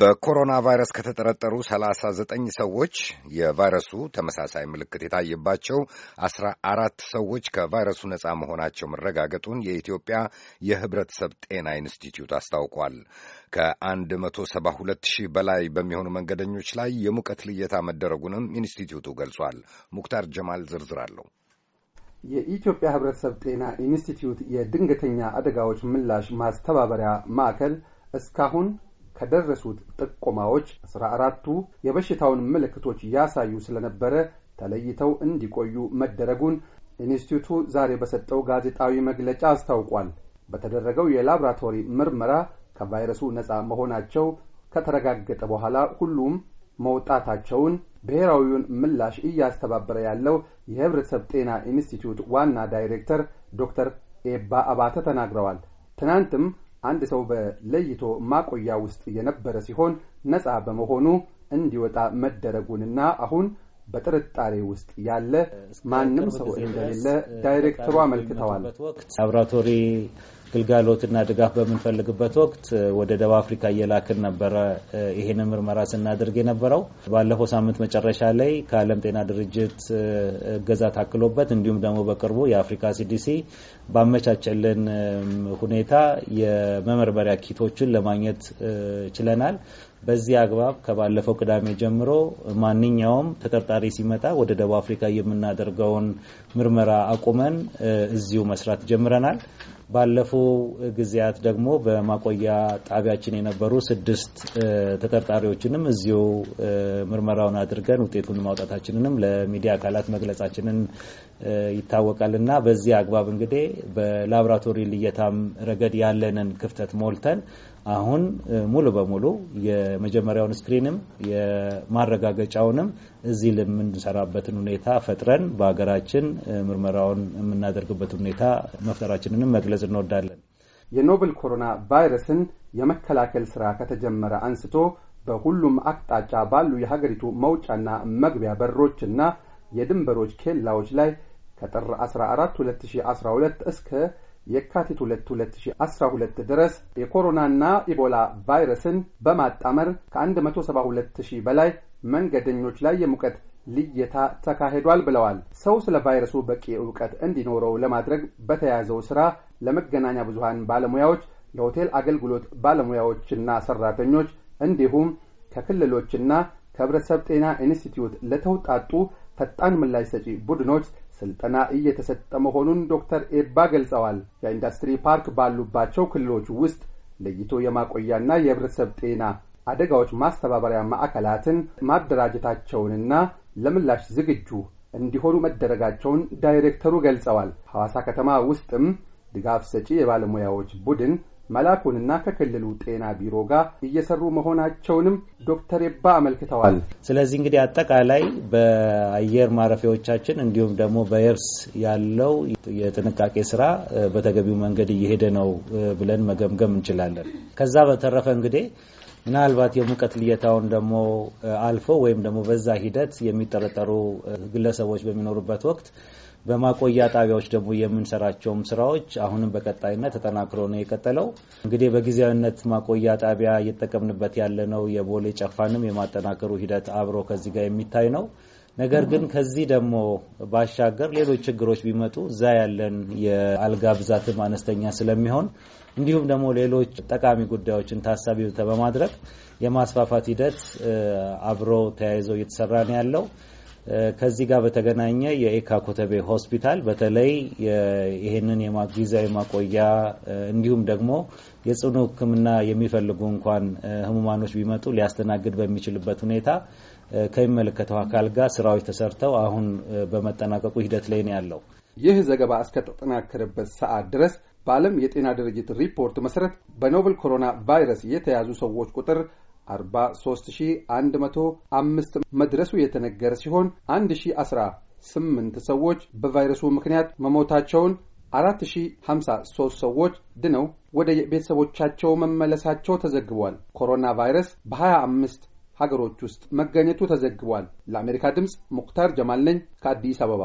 በኮሮና ቫይረስ ከተጠረጠሩ 39 ሰዎች የቫይረሱ ተመሳሳይ ምልክት የታየባቸው 14 ሰዎች ከቫይረሱ ነፃ መሆናቸው መረጋገጡን የኢትዮጵያ የሕብረተሰብ ጤና ኢንስቲትዩት አስታውቋል። ከ172 ሺህ በላይ በሚሆኑ መንገደኞች ላይ የሙቀት ልየታ መደረጉንም ኢንስቲትዩቱ ገልጿል። ሙክታር ጀማል ዝርዝር አለው። የኢትዮጵያ ህብረተሰብ ጤና ኢንስቲትዩት የድንገተኛ አደጋዎች ምላሽ ማስተባበሪያ ማዕከል እስካሁን ከደረሱት ጥቆማዎች አስራ አራቱ የበሽታውን ምልክቶች እያሳዩ ስለነበረ ተለይተው እንዲቆዩ መደረጉን ኢንስቲቱቱ ዛሬ በሰጠው ጋዜጣዊ መግለጫ አስታውቋል። በተደረገው የላብራቶሪ ምርመራ ከቫይረሱ ነፃ መሆናቸው ከተረጋገጠ በኋላ ሁሉም መውጣታቸውን ብሔራዊውን ምላሽ እያስተባበረ ያለው የሕብረተሰብ ጤና ኢንስቲትዩት ዋና ዳይሬክተር ዶክተር ኤባ አባተ ተናግረዋል። ትናንትም አንድ ሰው በለይቶ ማቆያ ውስጥ የነበረ ሲሆን ነፃ በመሆኑ እንዲወጣ መደረጉንና አሁን በጥርጣሬ ውስጥ ያለ ማንም ሰው እንደሌለ ዳይሬክተሩ አመልክተዋል። ላብራቶሪ ግልጋሎትና ድጋፍ በምንፈልግበት ወቅት ወደ ደቡብ አፍሪካ እየላክን ነበረ። ይሄንን ምርመራ ስናደርግ የነበረው ባለፈው ሳምንት መጨረሻ ላይ ከዓለም ጤና ድርጅት እገዛ ታክሎበት እንዲሁም ደግሞ በቅርቡ የአፍሪካ ሲዲሲ ባመቻቸልን ሁኔታ የመመርመሪያ ኪቶችን ለማግኘት ችለናል። በዚህ አግባብ ከባለፈው ቅዳሜ ጀምሮ ማንኛውም ተጠርጣሪ ሲመጣ ወደ ደቡብ አፍሪካ የምናደርገውን ምርመራ አቁመን እዚሁ መስራት ጀምረናል። ባለፈው ጊዜያት ደግሞ በማቆያ ጣቢያችን የነበሩ ስድስት ተጠርጣሪዎችንም እዚሁ ምርመራውን አድርገን ውጤቱን ማውጣታችንንም ለሚዲያ አካላት መግለጻችንን ይታወቃል እና በዚህ አግባብ እንግዲህ በላብራቶሪ ልየታም ረገድ ያለንን ክፍተት ሞልተን አሁን ሙሉ በሙሉ የመጀመሪያውን ስክሪንም የማረጋገጫውንም እዚህ ለምንሰራበትን ሁኔታ ፈጥረን በሀገራችን ምርመራውን የምናደርግበት ሁኔታ መፍጠራችንንም መግለጽ እንወዳለን። የኖቨል ኮሮና ቫይረስን የመከላከል ስራ ከተጀመረ አንስቶ በሁሉም አቅጣጫ ባሉ የሀገሪቱ መውጫና መግቢያ በሮችና የድንበሮች ኬላዎች ላይ ከጥር 14 2012 እስከ የካቲት 2 2012 ድረስ የኮሮናና ኢቦላ ቫይረስን በማጣመር ከ 172000 በላይ መንገደኞች ላይ የሙቀት ልየታ ተካሂዷል ብለዋል። ሰው ስለ ቫይረሱ በቂ እውቀት እንዲኖረው ለማድረግ በተያዘው ሥራ ለመገናኛ ብዙሃን ባለሙያዎች፣ ለሆቴል አገልግሎት ባለሙያዎችና ሠራተኞች እንዲሁም ከክልሎችና ከህብረተሰብ ጤና ኢንስቲትዩት ለተውጣጡ ፈጣን ምላሽ ሰጪ ቡድኖች ስልጠና እየተሰጠ መሆኑን ዶክተር ኤባ ገልጸዋል። የኢንዱስትሪ ፓርክ ባሉባቸው ክልሎች ውስጥ ለይቶ የማቆያና የህብረተሰብ ጤና አደጋዎች ማስተባበሪያ ማዕከላትን ማደራጀታቸውንና ለምላሽ ዝግጁ እንዲሆኑ መደረጋቸውን ዳይሬክተሩ ገልጸዋል። ሐዋሳ ከተማ ውስጥም ድጋፍ ሰጪ የባለሙያዎች ቡድን መላኩንና ከክልሉ ጤና ቢሮ ጋር እየሰሩ መሆናቸውንም ዶክተር የባ አመልክተዋል። ስለዚህ እንግዲህ አጠቃላይ በአየር ማረፊያዎቻችን እንዲሁም ደግሞ በየብስ ያለው የጥንቃቄ ስራ በተገቢው መንገድ እየሄደ ነው ብለን መገምገም እንችላለን። ከዛ በተረፈ እንግዲህ ምናልባት የሙቀት ልየታውን ደግሞ አልፎ ወይም ደግሞ በዛ ሂደት የሚጠረጠሩ ግለሰቦች በሚኖሩበት ወቅት በማቆያ ጣቢያዎች ደግሞ የምንሰራቸውም ስራዎች አሁንም በቀጣይነት ተጠናክሮ ነው የቀጠለው። እንግዲህ በጊዜያዊነት ማቆያ ጣቢያ እየተጠቀምንበት ያለነው የቦሌ ጨፋንም የማጠናከሩ ሂደት አብሮ ከዚህ ጋር የሚታይ ነው። ነገር ግን ከዚህ ደግሞ ባሻገር ሌሎች ችግሮች ቢመጡ እዛ ያለን የአልጋ ብዛትም አነስተኛ ስለሚሆን እንዲሁም ደግሞ ሌሎች ጠቃሚ ጉዳዮችን ታሳቢ በማድረግ የማስፋፋት ሂደት አብሮ ተያይዘው እየተሰራ ነው ያለው። ከዚህ ጋር በተገናኘ የኤካ ኮተቤ ሆስፒታል በተለይ ይህንን ጊዜያዊ ማቆያ እንዲሁም ደግሞ የጽኑ ሕክምና የሚፈልጉ እንኳን ህሙማኖች ቢመጡ ሊያስተናግድ በሚችልበት ሁኔታ ከሚመለከተው አካል ጋር ስራዎች ተሰርተው አሁን በመጠናቀቁ ሂደት ላይ ነው ያለው። ይህ ዘገባ እስከተጠናከረበት ሰዓት ድረስ በዓለም የጤና ድርጅት ሪፖርት መሰረት በኖቨል ኮሮና ቫይረስ የተያዙ ሰዎች ቁጥር 43105 መድረሱ የተነገረ ሲሆን 1018 ሰዎች በቫይረሱ ምክንያት መሞታቸውን 4053 ሰዎች ድነው ወደ ቤተሰቦቻቸው መመለሳቸው ተዘግቧል። ኮሮና ቫይረስ በ25 ሀገሮች ውስጥ መገኘቱ ተዘግቧል። ለአሜሪካ ድምፅ ሙክታር ጀማል ነኝ ከአዲስ አበባ